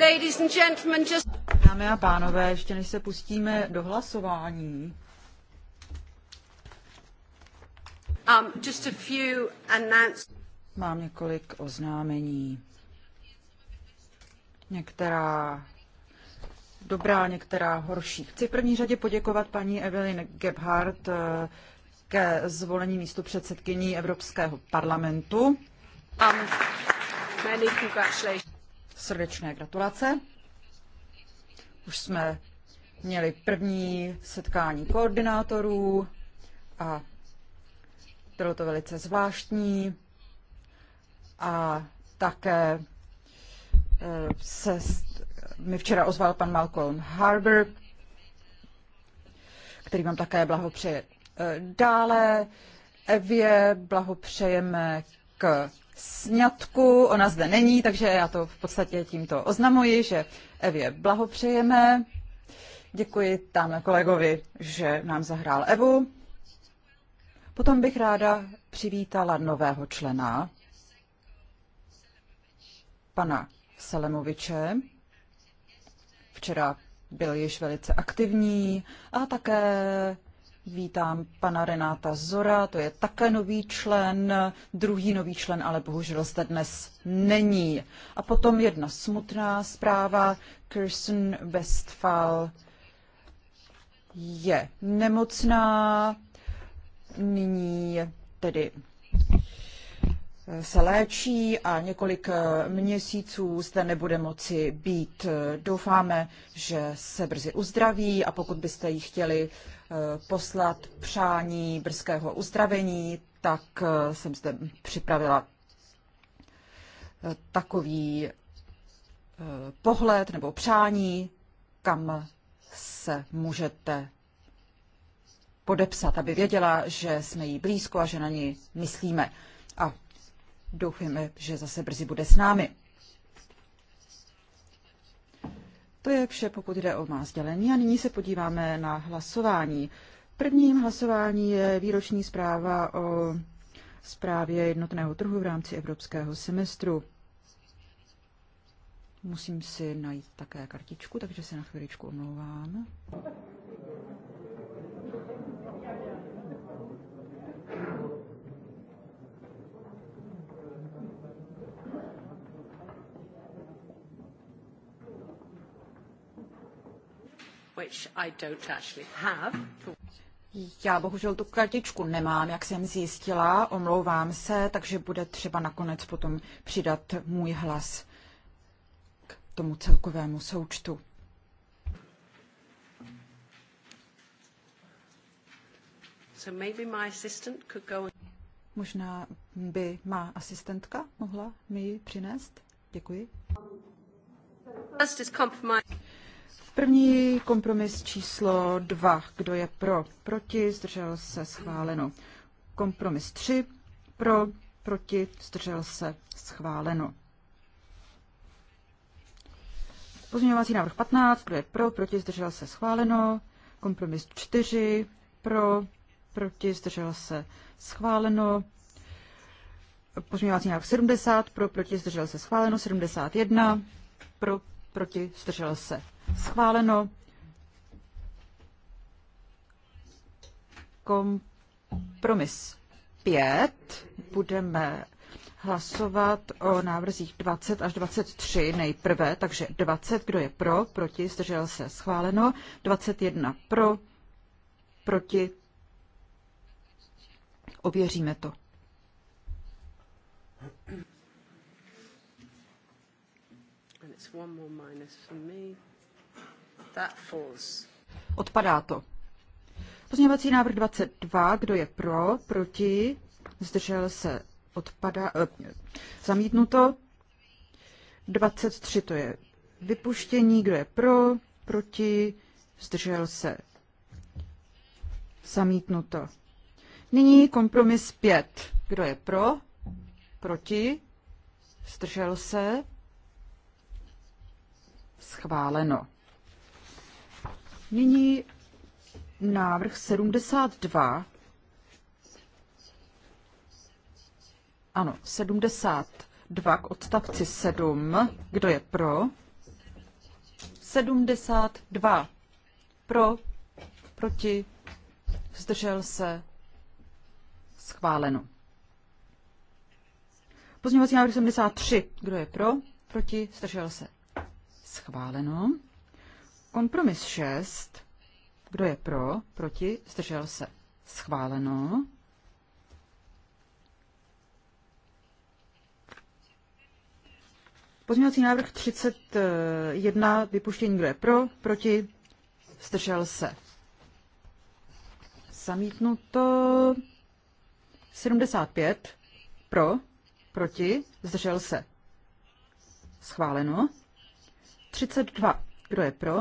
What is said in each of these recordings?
Ladies and gentlemen, just... Dámy a pánové, ještě než se pustíme do hlasování. Um, just a few Mám několik oznámení. Některá dobrá, některá horší. Chci v první řadě poděkovat paní Evelyn Gebhardt eh, ke zvolení místu předsedkyní Evropského parlamentu. Um, many congratulations srdečné gratulace. Už jsme měli první setkání koordinátorů a bylo to velice zvláštní a také eh, se mi včera ozval pan Malcolm Harbour, který vám také blahopřeje. Eh, dále Evě blahopřejeme k sňatku. Ona zde není, takže já to v podstatě tímto oznamuji, že Evě blahopřejeme. Děkuji tam kolegovi, že nám zahrál Evu. Potom bych ráda přivítala nového člena, pana Selemoviče. Včera byl již velice aktivní a také Vítám pana Renáta Zora, to je také nový člen, druhý nový člen, ale bohužel zde dnes není. A potom jedna smutná zpráva, Kirsten Westphal je nemocná, nyní tedy eh, se léčí a několik eh, měsíců zde nebude moci být. Eh, doufáme, že se brzy uzdraví a pokud byste ji chtěli Eh, poslat přání brzkého uzdravení, tak eh, jsem zde připravila eh, takový pohled nebo přání, kam se můžete podepsat, aby věděla, že jsme jí blízko a že na ní myslíme. A doufujeme, že zase brzy bude s námi. To je vše, pokud jde o má sdělení a nyní se podíváme na hlasování. Prvním hlasování je výroční zpráva o zprávě jednotného trhu v rámci evropského semestru. Musím si najít také kartičku, takže se na chviličku omlouvám. which I don't actually have. Já bohužel tu kartičku nemám, jak jsem zjistila, omlouvám se, takže bude třeba nakonec potom přidat můj hlas k tomu celkovému součtu. So maybe my assistant could go and... Možná by má asistentka mohla mi ji přinést. Děkuji. First is compromise. První kompromis číslo 2. Kdo je pro? Proti? Zdržel se? Schváleno. Kompromis 3. Pro? Proti? Zdržel se? Schváleno. Pozměňovací návrh 15. Kdo je pro? Proti? Zdržel se? Schváleno. Kompromis 4. Pro? Proti? Zdržel se? Schváleno. Pozměňovací návrh 70. Pro? Proti? Zdržel se? Schváleno. 71. Pro? Proti? Zdržel se? Schváleno. Kompromis 5. Budeme hlasovat o návrzích 20 až 23 nejprve, takže 20, kdo je pro, proti, zdržel se, schváleno, 21 pro, proti, ověříme to. And it's one more minus for me. Odpadá to. Pozměňovací návrh 22, kdo je pro, proti, zdržel se, odpadá, eh, zamítnuto. 23 to je vypuštění, kdo je pro, proti, zdržel se, zamítnuto. Nyní kompromis 5. Kdo je pro, proti, zdržel se, schváleno. Nyní návrh 72. Ano, 72 k odstavci 7. Kdo je pro? 72. Pro, proti, zdržel se, schváleno. Pozměňovací návrh 73. Kdo je pro? Proti, zdržel se. Schváleno. Kompromis 6. Kdo je pro? Proti? Zdržel se? Schváleno. Pozměňovací návrh 31, vypuštění, kdo je pro, proti, zdržel se. Zamítnuto 75, pro, proti, zdržel se. Schváleno. 32, kdo je pro,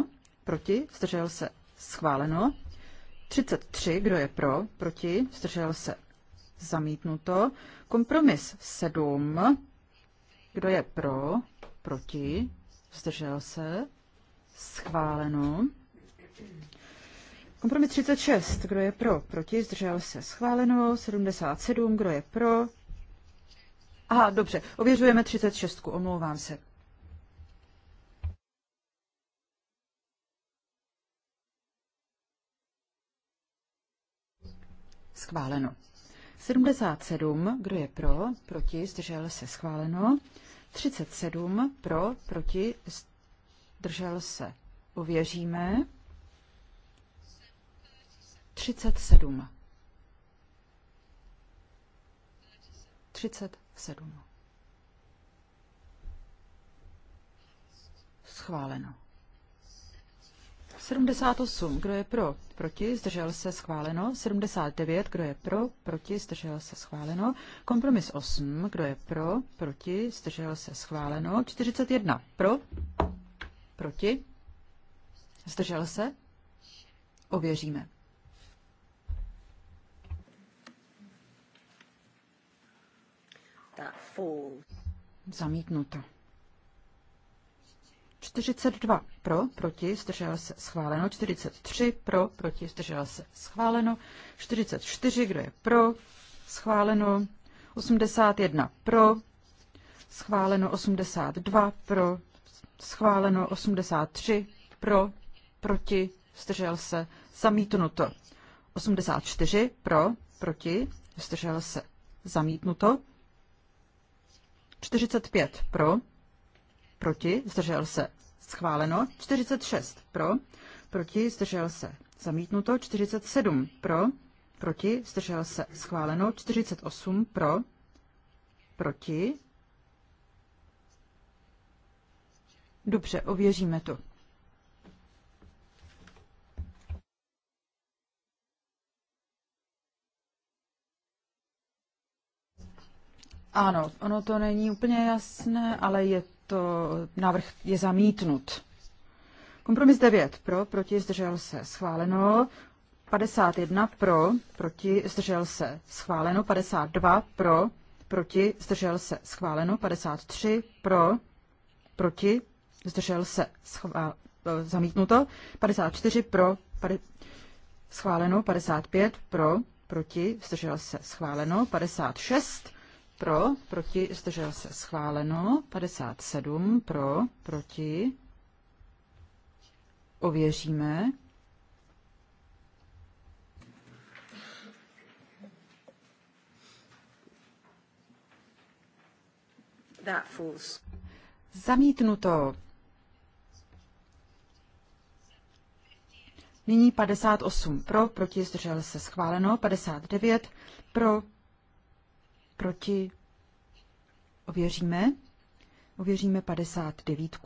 proti, zdržel se, schváleno. 33, kdo je pro, proti, zdržel se, zamítnuto. Kompromis 7, kdo je pro, proti, zdržel se, schváleno. Kompromis 36, kdo je pro, proti, zdržel se, schváleno. 77, kdo je pro. Aha, dobře, ověřujeme 36, omlouvám se. Schváleno. 77, kdo je pro, proti, zdržel se, schváleno. 37, pro, proti, zdržel se, ověříme. 37. 37. Schváleno. 78, kdo je pro, proti, zdržel se schváleno. 79, kdo je pro, proti, zdržel se schváleno. Kompromis 8, kdo je pro, proti, zdržel se schváleno. 41, pro, proti, zdržel se, ověříme. Zamítnuto. 42 pro, proti, zdržel se schváleno. 43 pro, proti, zdržel se schváleno. 44, kdo je pro, schváleno. 81 pro, schváleno. 82 pro, schváleno. 83 pro, proti, zdržel se zamítnuto. 84 pro, proti, zdržel se zamítnuto. 45 pro, proti, zdržel se, schváleno, 46 pro, proti, zdržel se, zamítnuto, 47 pro, proti, zdržel se, schváleno, 48 pro, proti. Dobře, ověříme to. Ano, ono to není úplně jasné, ale je to, návrh je zamítnut. Kompromis 9 pro, proti, zdržel se, schváleno. 51 pro, proti, zdržel se, schváleno. 52 pro, proti, zdržel se, schváleno. 53 pro, proti, zdržel se, schvál, e, zamítnuto. 54 pro, pade, schváleno. 55 pro, proti, zdržel se, schváleno. 56 pro, proti, zdržel se schváleno, 57 pro, proti, ověříme. That falls. Zamítnuto. Nyní 58 pro, proti zdržel se schváleno, 59 pro, proti, ověříme, ověříme 59.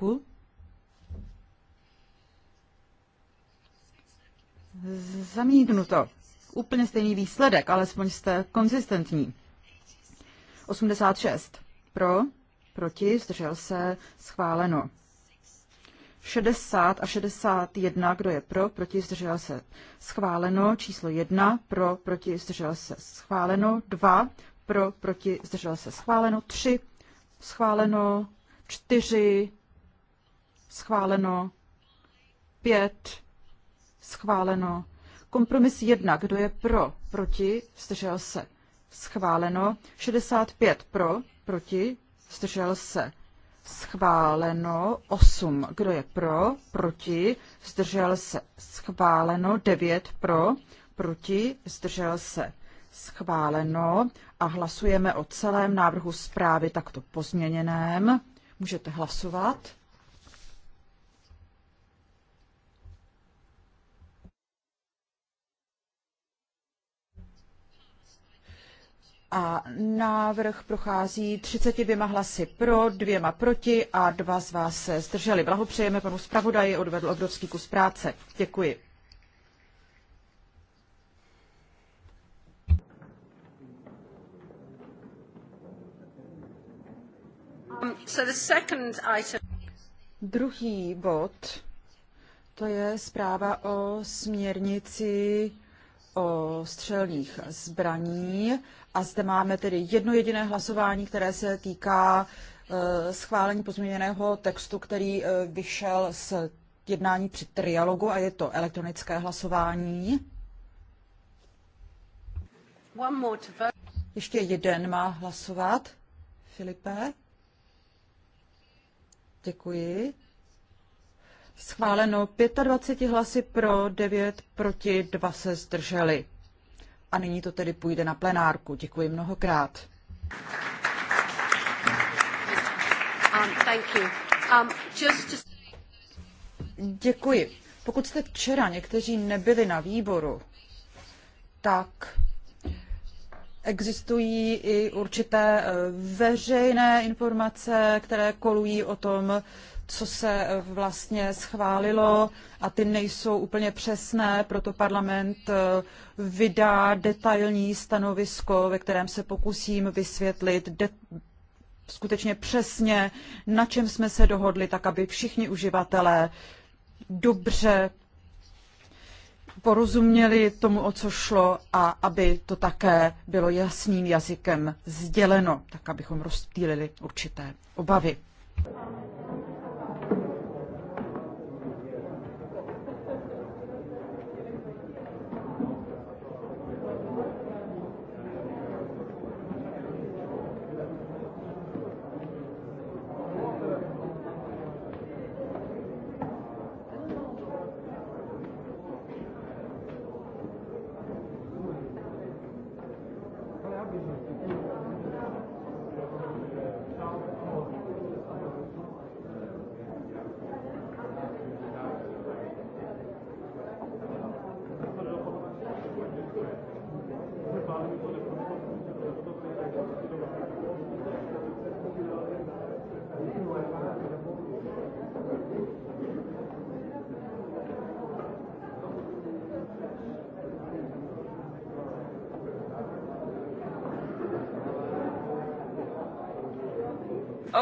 Zamítnuto. Úplně stejný výsledek, alespoň jste konzistentní. 86. Pro, proti, zdržel se, schváleno. 60 a 61, kdo je pro, proti, zdržel se, schváleno. Číslo 1, pro, proti, zdržel se, schváleno. 2, pro, proti, zdržel se schváleno, tři schváleno, čtyři schváleno, pět schváleno, kompromis jedna kdo je pro, proti, zdržel se schváleno, 65 pro, proti, zdržel se schváleno, 8, kdo je pro, proti, zdržel se schváleno, 9 pro, proti, zdržel se schváleno a hlasujeme o celém návrhu zprávy takto pozměněném. Můžete hlasovat. a návrh prochází 32 hlasy pro, dvěma proti a dva z vás se zdrželi. Blahopřejeme panu zpravodaji, odvedl obrovský kus práce. Děkuji. Um, Druhý bod, to je zpráva o směrnici o střelných zbraní. A zde máme tedy jedno jediné hlasování, které se týká eh, schválení pozměněného textu, který eh, vyšel z jednání při trialogu a je to elektronické hlasování. Ještě jeden má hlasovat. Filipe? Děkuji. Schváleno 25 hlasy pro, 9 proti, 2 se zdrželi. A nyní to tedy půjde na plenárku. Děkuji mnohokrát. Um, um Děkuji. Pokud jste včera někteří nebyli na výboru, tak Existují i určité eh, veřejné informace, které kolují o tom, co se eh, vlastně schválilo a ty nejsou úplně přesné, proto parlament eh, vydá detailní stanovisko, ve kterém se pokusím vysvětlit skutečně přesně, na čem jsme se dohodli, tak aby všichni uživatelé dobře porozuměli tomu, o co šlo a aby to také bylo jasným jazykem sděleno, tak abychom rozptýlili určité obavy.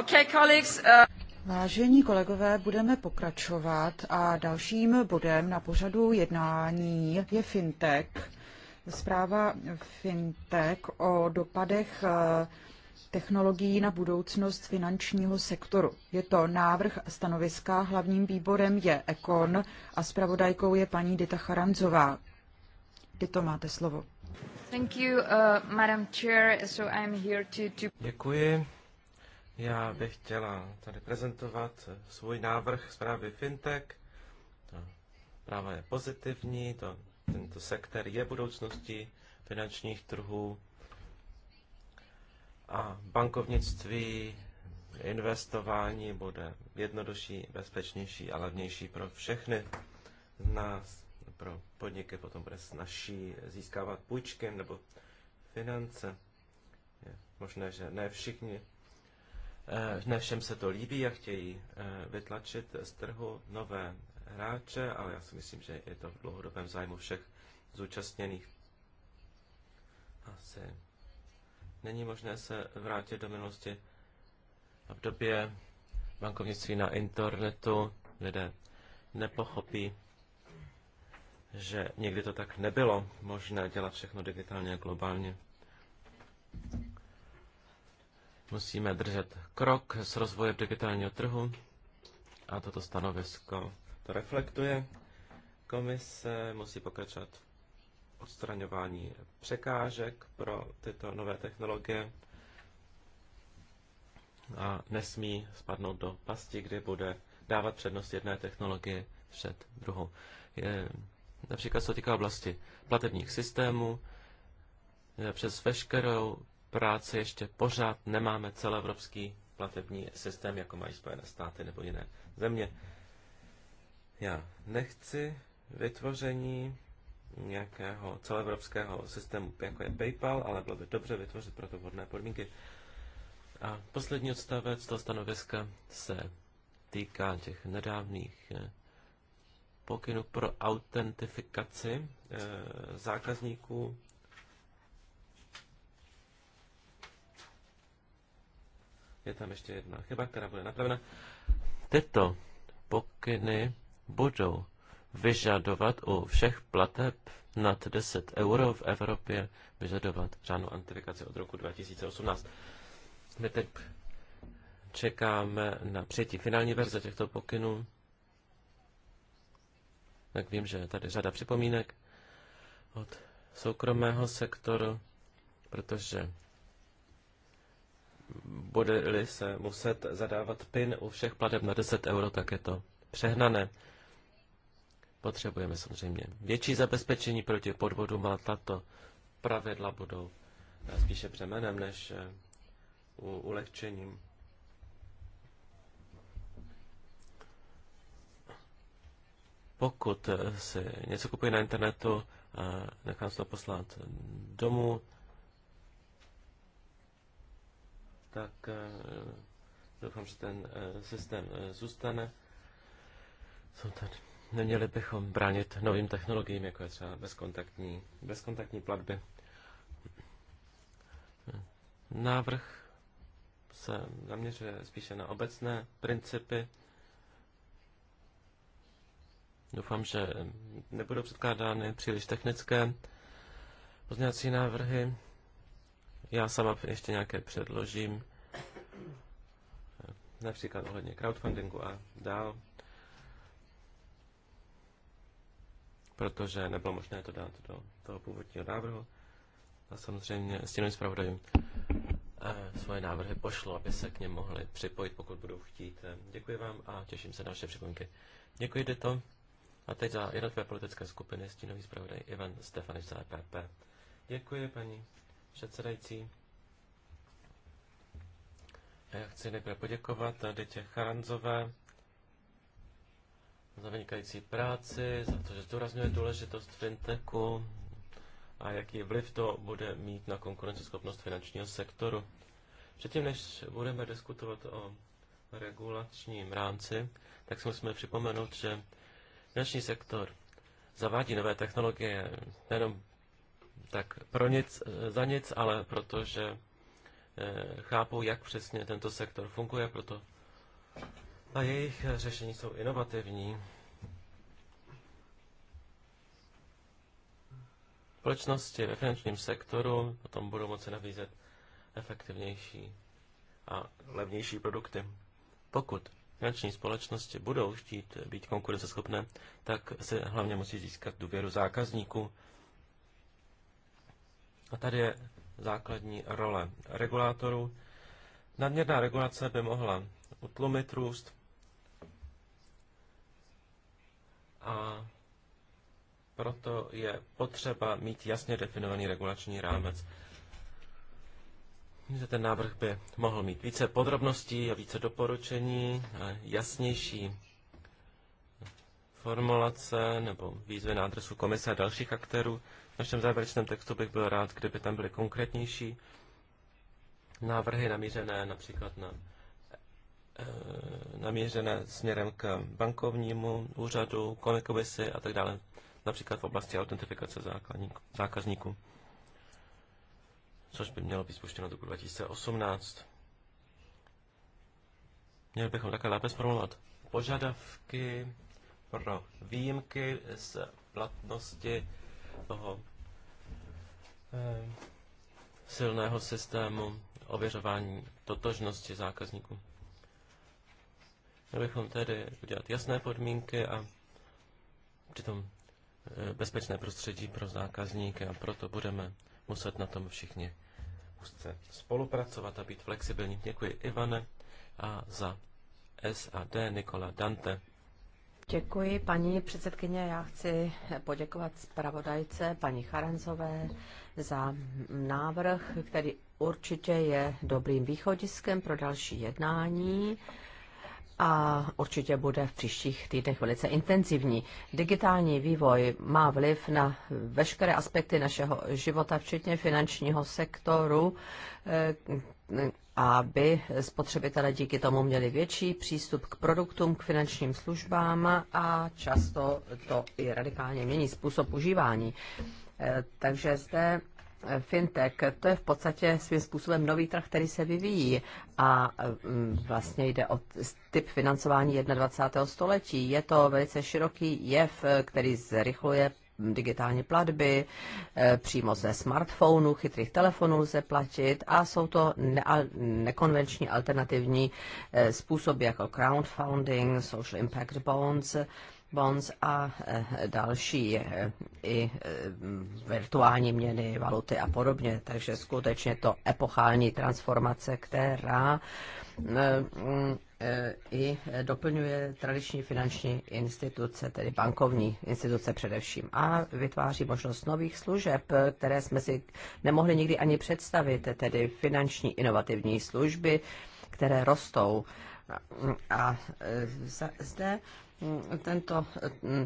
Okay, colleagues, uh... Vážení kolegové, budeme pokračovat a dalším bodem na pořadu jednání je fintech. Zpráva fintech o dopadech uh, technologií na budoucnost finančního sektoru. Je to návrh stanoviska, hlavním výborem je Ekon a zpravodajkou je paní Dita Charanzová. Dito, máte slovo. Thank you, uh, Madam Chair. So I'm here to, Děkuji. Já bych chtěla tady prezentovat svůj návrh zprávy FinTech. Ta práva je pozitivní, to, tento sektor je budoucností finančních trhů a bankovnictví, investování bude jednodušší, bezpečnější a levnější pro všechny z nás. Pro podniky potom bude snažší získávat půjčky nebo finance. Je možné, že ne všichni Eh, ne všem se to líbí a chtějí eh, vytlačit z trhu nové hráče, ale já si myslím, že je to v dlouhodobém zájmu všech zúčastněných. Asi není možné se vrátit do minulosti. V době bankovnictví na internetu lidé nepochopí, že někdy to tak nebylo možné dělat všechno digitálně a globálně. Musíme držet krok s rozvojem digitálního trhu a toto stanovisko to reflektuje. Komise musí pokračovat v odstraňování překážek pro tyto nové technologie a nesmí spadnout do pasti, kdy bude dávat přednost jedné technologie před druhou. Je, například se týká oblasti platebních systémů, přes veškerou Práce ještě pořád nemáme celoevropský platební systém, jako mají Spojené státy nebo jiné země. Já nechci vytvoření nějakého celoevropského systému, jako je PayPal, ale bylo by dobře vytvořit pro to vhodné podmínky. A poslední odstavec toho stanoviska se týká těch nedávných eh, pokynů pro autentifikaci eh, zákazníků Je tam ještě jedna chyba, která bude napravena. Tyto pokyny budou vyžadovat u všech plateb nad 10 euro v Evropě vyžadovat řádnou antifikaci od roku 2018. My teď čekáme na přijetí finální verze těchto pokynů. Tak vím, že je tady řada připomínek od soukromého sektoru, protože bude-li se muset zadávat PIN u všech plateb na 10 euro, tak je to přehnané. Potřebujeme samozřejmě větší zabezpečení proti podvodům, ale tato pravidla budou eh, spíše přemenem než eh, ulehčením. Pokud eh, si něco kupuji na internetu, nechám se to poslat domů, tak eh, doufám, že ten eh, systém eh, zůstane. Jsou tady. Neměli bychom bránit novým technologiím, jako je třeba bezkontaktní, bezkontaktní platby. Návrh se zaměřuje spíše na obecné principy. Doufám, že nebudou předkládány příliš technické pozměňovací návrhy. Já sama ještě nějaké předložím, například ohledně crowdfundingu a dál, protože nebylo možné to dát do toho původního návrhu. A samozřejmě s tím zpravodajům eh, svoje návrhy pošlo, aby se k něm mohli připojit, pokud budou chtít. Děkuji vám a těším se na vaše připomínky. Děkuji, to. A teď za jednotlivé politické skupiny stínový zpravodaj Ivan Stefanič za EPP. Děkuji, paní předsedající. Já chci nejprve poděkovat Detě Charanzové za vynikající práci, za to, že zdůrazňuje důležitost fintechu a jaký vliv to bude mít na konkurenceschopnost finančního sektoru. Předtím, než budeme diskutovat o regulačním rámci, tak si musíme připomenout, že finanční sektor zavádí nové technologie nejenom tak pro nic, eh, za nic, ale protože eh, chápou, jak přesně tento sektor funguje, proto a jejich eh, řešení jsou inovativní. Společnosti ve finančním sektoru potom budou moci nabízet efektivnější a levnější produkty. Pokud finanční společnosti budou chtít být konkurenceschopné, tak se hlavně musí získat důvěru zákazníků a tady je základní role regulátorů. Nadměrná regulace by mohla utlumit růst a proto je potřeba mít jasně definovaný regulační rámec. Že ten návrh by mohl mít více podrobností a více doporučení, a jasnější formulace nebo výzvy na adresu komise a dalších aktérů, našem závěrečném textu bych byl rád, kdyby tam byly konkrétnější návrhy namířené například na eh, namířené směrem k bankovnímu úřadu, konekobisy a tak dále, například v oblasti autentifikace zákazníků, což by mělo být spuštěno do roku 2018. Měli bychom také lépe zformulovat požadavky pro výjimky z platnosti toho Eh, silného systému ověřování totožnosti zákazníků. Měli bychom tedy udělat jasné podmínky a přitom eh, bezpečné prostředí pro zákazníky a proto budeme muset na tom všichni úzce spolupracovat a být flexibilní. Děkuji Ivane a za SAD Nikola Dante. Děkuji, paní předsedkyně. Já chci poděkovat zpravodajce paní Charanzové za návrh, který určitě je dobrým východiskem pro další jednání a určitě bude v příštích týdnech velice intenzivní. Digitální vývoj má vliv na veškeré aspekty našeho života, včetně finančního sektoru, aby spotřebitelé díky tomu měli větší přístup k produktům, k finančním službám a často to i radikálně mění způsob užívání. Eh, takže zde eh, fintech, to je v podstatě svým způsobem nový trh, který se vyvíjí a mm, vlastně jde o typ financování 21. století. Je to velice široký jev, eh, který zrychluje digitální platby, eh, přímo ze smartphonu, chytrých telefonů lze platit a jsou to ne- nekonvenční alternativní eh, způsoby jako crowdfunding, social impact bonds, bonds a e, další e, i e, virtuální měny, valuty a podobně. Takže skutečně to epochální transformace, která mm, i doplňuje tradiční finanční instituce, tedy bankovní instituce především, a vytváří možnost nových služeb, které jsme si nemohli nikdy ani představit, tedy finanční inovativní služby, které rostou. A zde tento,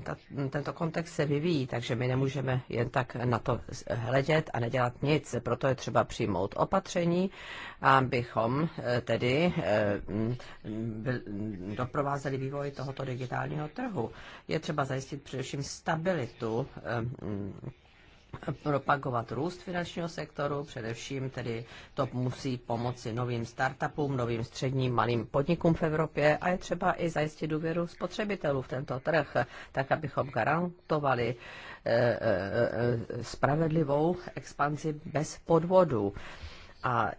ta, tento kontext se vyvíjí, takže my nemůžeme jen tak na to hledět a nedělat nic. Proto je třeba přijmout opatření, abychom eh, tedy eh, doprovázeli vývoj tohoto digitálního trhu. Je třeba zajistit především stabilitu eh, propagovat růst finančního sektoru, především tedy to musí pomoci novým startupům, novým středním malým podnikům v Evropě a je třeba i zajistit důvěru spotřebitelů v tento trh, tak abychom garantovali eh, eh, eh, spravedlivou expanzi bez podvodů. A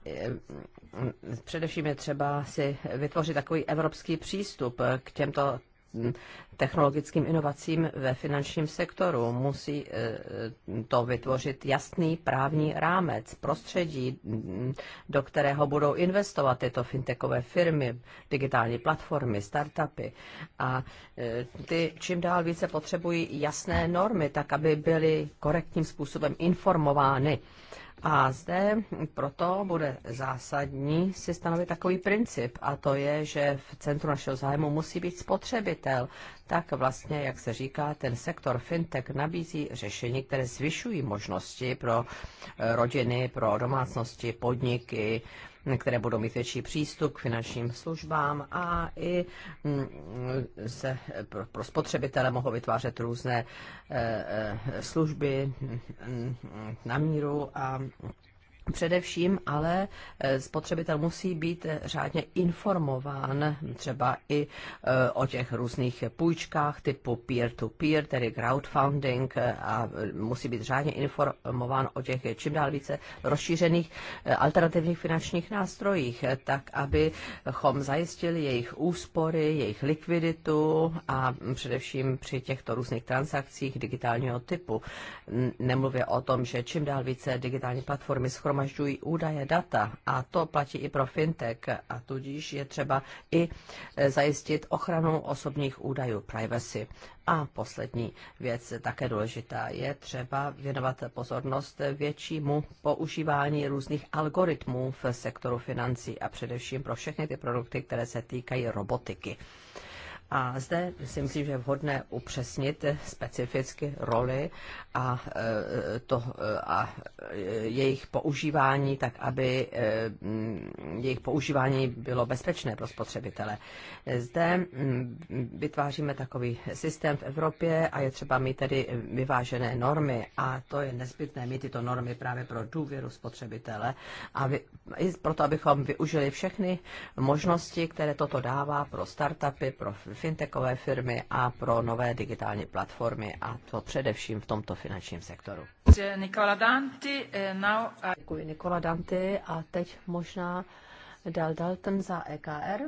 především je třeba si vytvořit takový evropský přístup k těmto technologickým inovacím ve finančním sektoru. Musí eh, to vytvořit jasný právní rámec, prostředí, mm, do kterého budou investovat tyto fintechové firmy, digitální platformy, startupy. A eh, ty čím dál více potřebují jasné normy, tak aby byly korektním způsobem informovány a zde proto bude zásadní si stanovit takový princip, a to je, že v centru našeho zájmu musí být spotřebitel. Tak vlastně, jak se říká, ten sektor fintech nabízí řešení, které zvyšují možnosti pro eh, rodiny, pro domácnosti, podniky, které budou mít větší přístup k finančním službám a i mm, se pro, pro spotřebitele mohou vytvářet různé eh, eh, služby mm, mm, na míru a Především ale eh, spotřebitel musí být eh, řádně informován třeba i eh, o těch různých půjčkách typu peer-to-peer, -peer, tedy crowdfunding a musí být řádně informován o těch čím dál více rozšířených alternativních finančních nástrojích, tak abychom zajistili jejich úspory, jejich likviditu a mm, především při těchto různých transakcích digitálního typu. Nemluvě o tom, že čím dál více digitální platformy schromažďují schromažďují údaje data a to platí i pro fintech a tudíž je třeba i e, zajistit ochranu osobních údajů, privacy. A poslední věc, také důležitá, je třeba věnovat pozornost většímu používání různých algoritmů v sektoru financí a především pro všechny ty produkty, které se týkají robotiky. A zde si myslím, že je vhodné upřesnit specificky roli a, e, to, e, a jejich používání, tak aby e, jejich používání bylo bezpečné pro spotřebitele. Zde vytváříme takový systém v Evropě a je třeba mít tedy vyvážené normy a to je nezbytné mít tyto normy právě pro důvěru spotřebitele a vy, i proto, abychom využili všechny možnosti, které toto dává pro startupy, pro fintechové firmy a pro nové digitální platformy a to především v tomto finančním sektoru. Eh, now... Děkuji Nikola Danti a teď možná Dal Dalton za EKR.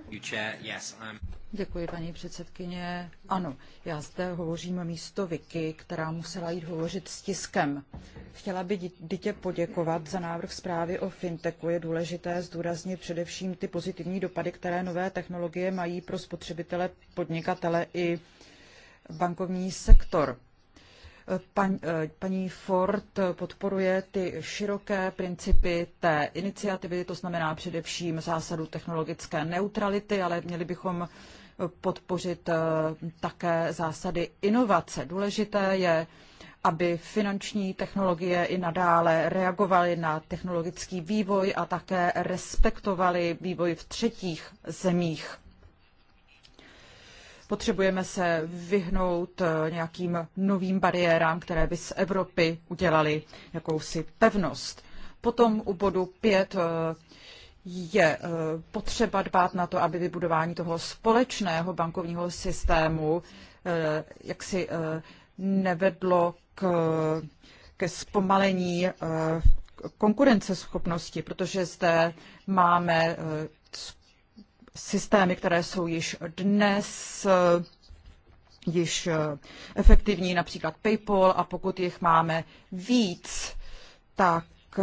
Děkuji, paní předsedkyně. Ano, já zde hovořím místo Vicky, která musela jít hovořit s tiskem. Chtěla by dítě poděkovat za návrh zprávy o fintechu. Je důležité zdůraznit především ty pozitivní dopady, které nové technologie mají pro spotřebitele, podnikatele i bankovní sektor. Pan, eh, paní Ford podporuje ty široké principy té iniciativy, to znamená především zásadu technologické neutrality, ale měli bychom podpořit eh, také zásady inovace. Důležité je, aby finanční technologie i nadále reagovaly na technologický vývoj a také respektovaly vývoj v třetích zemích. Potřebujeme se vyhnout eh, nějakým novým bariérám, které by z Evropy udělaly jakousi pevnost. Potom u bodu 5 eh, je eh, potřeba dbát na to, aby vybudování toho společného bankovního systému jaksi nevedlo k, ke zpomalení konkurenceschopnosti, protože zde máme systémy, které jsou již dnes eh, již eh, efektivní, například PayPal, a pokud jich máme víc, tak eh,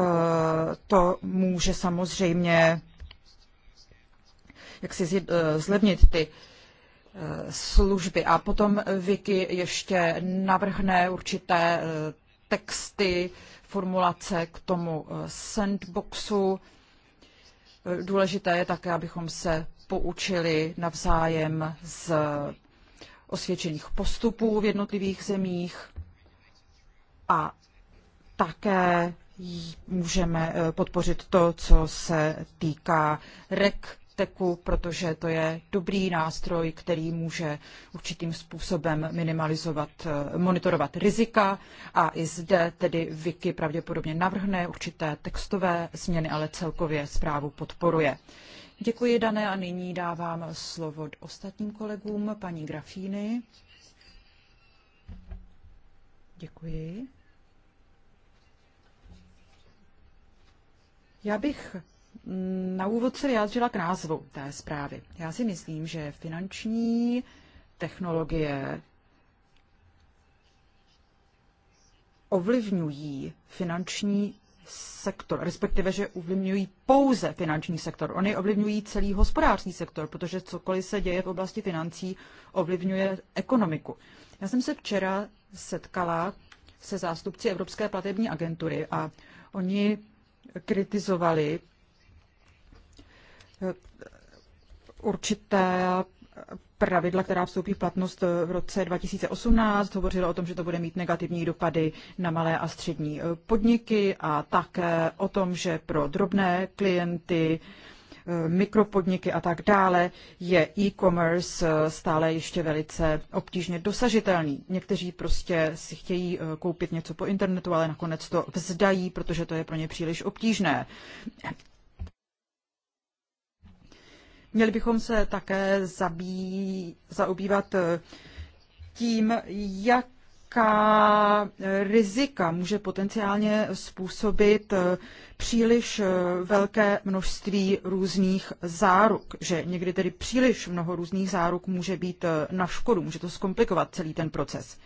to může samozřejmě jak si zlevnit ty služby. A potom Vicky ještě navrhne určité texty, formulace k tomu sandboxu. Důležité je také, abychom se poučili navzájem z osvědčených postupů v jednotlivých zemích a také můžeme eh, podpořit to, co se týká REC teku, protože to je dobrý nástroj, který může určitým způsobem minimalizovat, eh, monitorovat rizika a i zde tedy Wiki pravděpodobně navrhne určité textové změny, ale celkově zprávu podporuje. Děkuji, Dané, a nyní dávám slovo ostatním kolegům, paní Grafíny. Děkuji. Já bych na úvod se vyjádřila k názvu té zprávy. Já si myslím, že finanční technologie ovlivňují finanční sektor, respektive, že ovlivňují pouze finanční sektor. Oni ovlivňují celý hospodářský sektor, protože cokoliv se děje v oblasti financí, ovlivňuje ekonomiku. Já jsem se včera setkala se zástupci Evropské platební agentury a oni kritizovali eh, určité pravidla, která vstoupí v platnost v roce 2018. Hovořilo o tom, že to bude mít negativní dopady na malé a střední eh, podniky a také o tom, že pro drobné klienty eh, mikropodniky a tak dále, je e-commerce eh, stále ještě velice obtížně dosažitelný. Někteří prostě si chtějí koupit něco po internetu, ale nakonec to vzdají, protože to je pro ně příliš obtížné. Měli bychom se také zabí, zaobývat eh, tím, jaká rizika může potenciálně způsobit eh, příliš eh, velké množství různých záruk, že někdy tedy příliš mnoho různých záruk může být na škodu, může to zkomplikovat celý ten proces.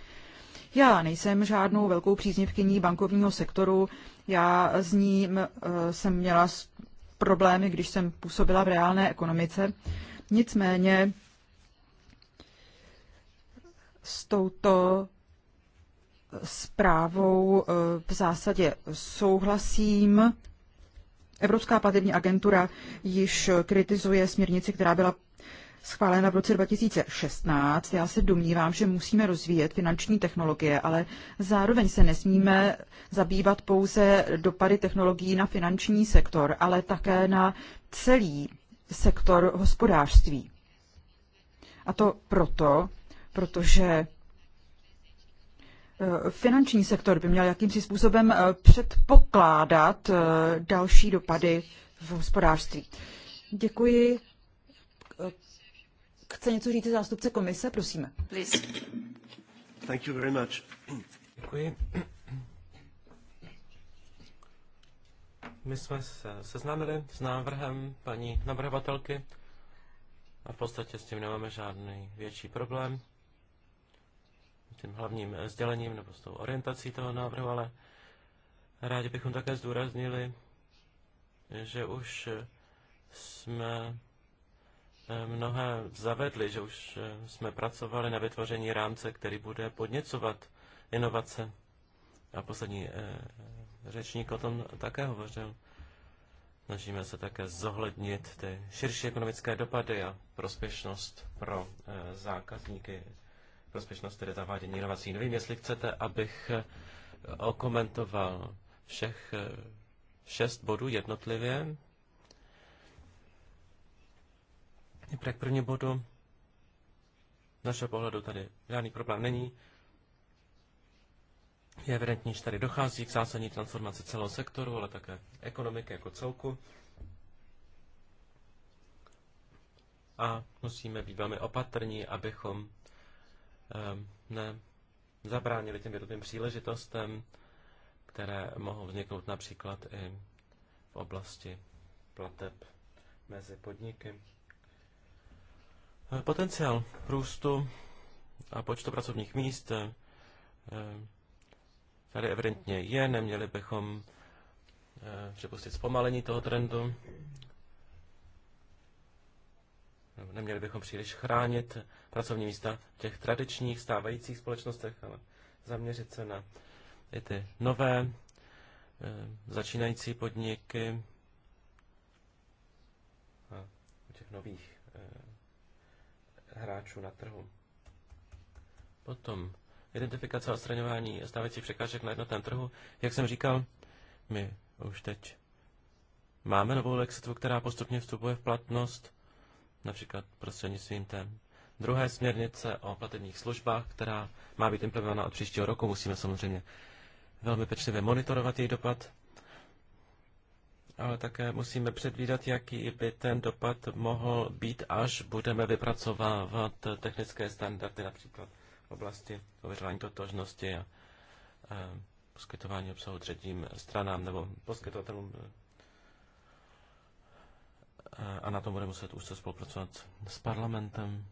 Já nejsem žádnou velkou příznivkyní bankovního sektoru, já s ním jsem měla problémy, když jsem působila v reálné ekonomice. Nicméně s touto zprávou eh, v zásadě souhlasím. Evropská platební agentura již kritizuje směrnici, která byla schválena v roce 2016. Já se domnívám, že musíme rozvíjet finanční technologie, ale zároveň se nesmíme zabývat pouze dopady technologií na finanční sektor, ale také na celý sektor hospodářství. A to proto, protože eh, finanční sektor by měl jakýmsi způsobem eh, předpokládat eh, další dopady v hospodářství. Děkuji chce něco říct zástupce komise, prosíme. Please. Thank you very much. Děkuji. My jsme se seznámili s návrhem paní navrhovatelky a v podstatě s tím nemáme žádný větší problém. Tím hlavním sdělením nebo s tou orientací toho návrhu, ale rádi bychom také zdůraznili, že už jsme mnohé zavedli, že už eh, jsme pracovali na vytvoření rámce, který bude podněcovat inovace. A poslední eh, řečník o tom také hovořil. Snažíme se také zohlednit ty širší ekonomické dopady a prospěšnost pro eh, zákazníky, prospěšnost tedy zavádění inovací. Nevím, jestli chcete, abych okomentoval všech šest bodů jednotlivě. Nejprve k první bodu. Našeho pohledu tady žádný problém není. Je evidentní, že tady dochází k zásadní transformaci celého sektoru, ale také ekonomiky jako celku. A musíme být velmi opatrní, abychom ehm, ne, zabránili těm jednotlivým příležitostem, které mohou vzniknout například i v oblasti plateb mezi podniky. Potenciál růstu a počtu pracovních míst eh, tady evidentně je, neměli bychom eh, připustit zpomalení toho trendu. Neměli bychom příliš chránit pracovní místa v těch tradičních stávajících společnostech, ale zaměřit se na i ty nové eh, začínající podniky a těch nových hráčů na trhu. Potom identifikace a odstraňování stávajících překážek na jednotném trhu. Jak jsem říkal, my už teď máme novou legislativu, která postupně vstupuje v platnost, například prostřednictvím té druhé směrnice o platebních službách, která má být implementována od příštího roku. Musíme samozřejmě velmi pečlivě monitorovat její dopad ale také musíme předvídat, jaký by ten dopad mohl být, až budeme vypracovávat technické standardy, například v oblasti ověřování totožnosti a e, poskytování obsahu třetím stranám nebo poskytovatelům. E, a na tom bude muset se spolupracovat s parlamentem.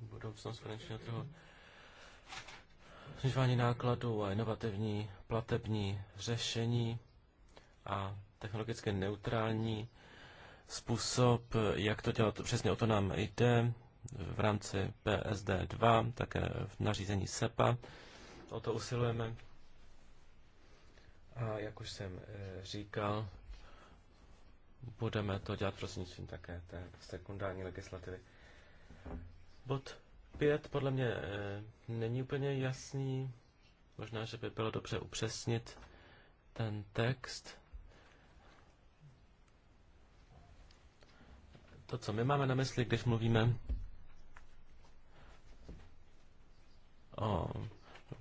Budoucnost finančního trhu snižování nákladů a inovativní platební řešení a technologicky neutrální způsob, jak to dělat. Přesně o to nám jde v rámci PSD2, také v nařízení SEPA. O to usilujeme. A jak už jsem eh, říkal, budeme to dělat prostřednictvím také té sekundární legislativy. Bot. 5 podle mě eh, není úplně jasný. Možná, že by bylo dobře upřesnit ten text. To, co my máme na mysli, když mluvíme o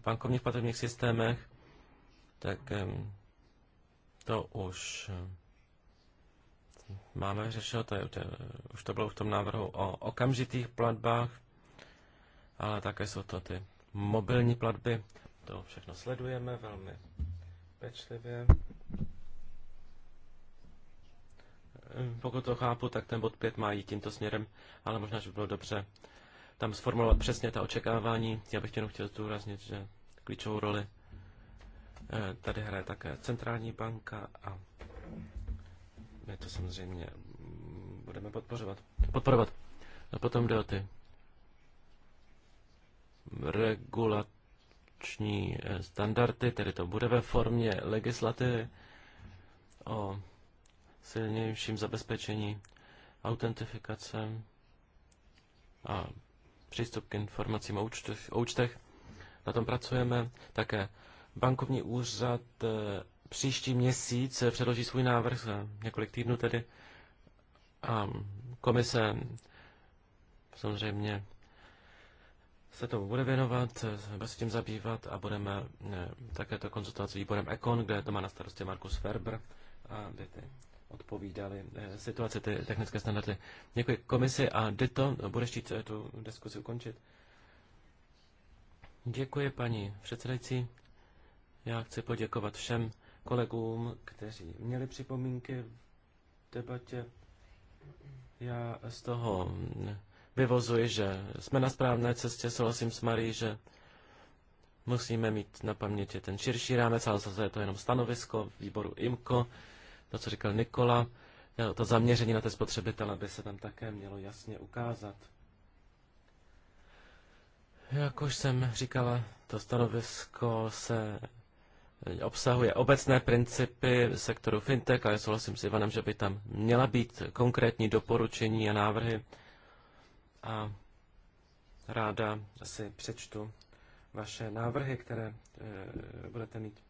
bankovních platebních systémech, tak to už eh, máme řešeno, to je, už to bylo v tom návrhu o okamžitých platbách, ale také jsou to ty mobilní platby. To všechno sledujeme velmi pečlivě. Hm, pokud to chápu, tak ten bod 5 má jít tímto směrem, ale možná, že by bylo dobře tam sformulovat přesně ta očekávání. Já bych jenom chtěl zdůraznit, že klíčovou roli eh, tady hraje také centrální banka a my to samozřejmě budeme podporovat. Podporovat. A potom jde o ty regulační eh, standardy, tedy to bude ve formě legislativy o silnějším zabezpečení autentifikace a přístup k informacím o účtech. O účtech. Na tom pracujeme také. Bankovní úřad eh, příští měsíc předloží svůj návrh za několik týdnů tedy a komise samozřejmě se tomu bude věnovat, bude se tím zabývat a budeme ne, eh, také to konzultovat s výborem Econ, kde to má na starosti Markus Ferber, aby ty odpovídali eh, situaci, ty technické standardy. Děkuji komisi a Dito, no, budeš chtít eh, tu diskusi ukončit? Děkuji, paní předsedající. Já chci poděkovat všem kolegům, kteří měli připomínky v debatě. Já z toho mm, vyvozuji, že jsme na správné cestě, souhlasím s Marí, že musíme mít na paměti ten širší rámec, ale zase je to jenom stanovisko výboru IMCO, to, co říkal Nikola, to zaměření na ty spotřebitele by se tam také mělo jasně ukázat. Jak už jsem říkala, to stanovisko se obsahuje obecné principy sektoru fintech a já souhlasím s Ivanem, že by tam měla být konkrétní doporučení a návrhy, a ráda si přečtu vaše návrhy, které e, budete mít.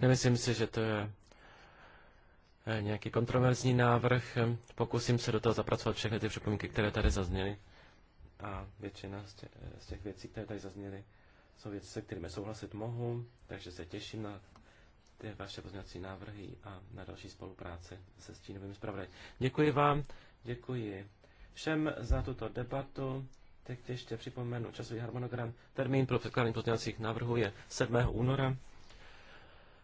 Nemyslím si, že to je eh, nějaký kontroverzní návrh. Pokusím se do toho zapracovat všechny ty připomínky, které tady zazněly. A většina z těch, z těch věcí, které tady zazněly, jsou věci, se kterými souhlasit mohu, takže se těším na ty vaše pozměňovací návrhy a na další spolupráci se stínovými zpravodaji. Děkuji vám, děkuji všem za tuto debatu. Teď ještě připomenu časový harmonogram. Termín pro předkládání pozměňovacích návrhů je 7. února.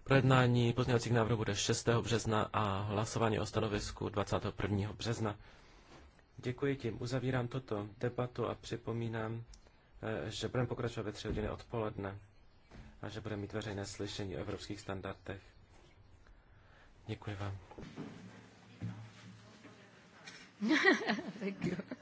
Projednání pozměňovacích návrhů bude 6. března a hlasování o stanovisku 21. března. Děkuji tím. Uzavírám toto debatu a připomínám, eh, že budeme pokračovat ve 3 hodiny odpoledne a že bude mít veřejné slyšení o evropských standardech. Děkuji vám. Thank you.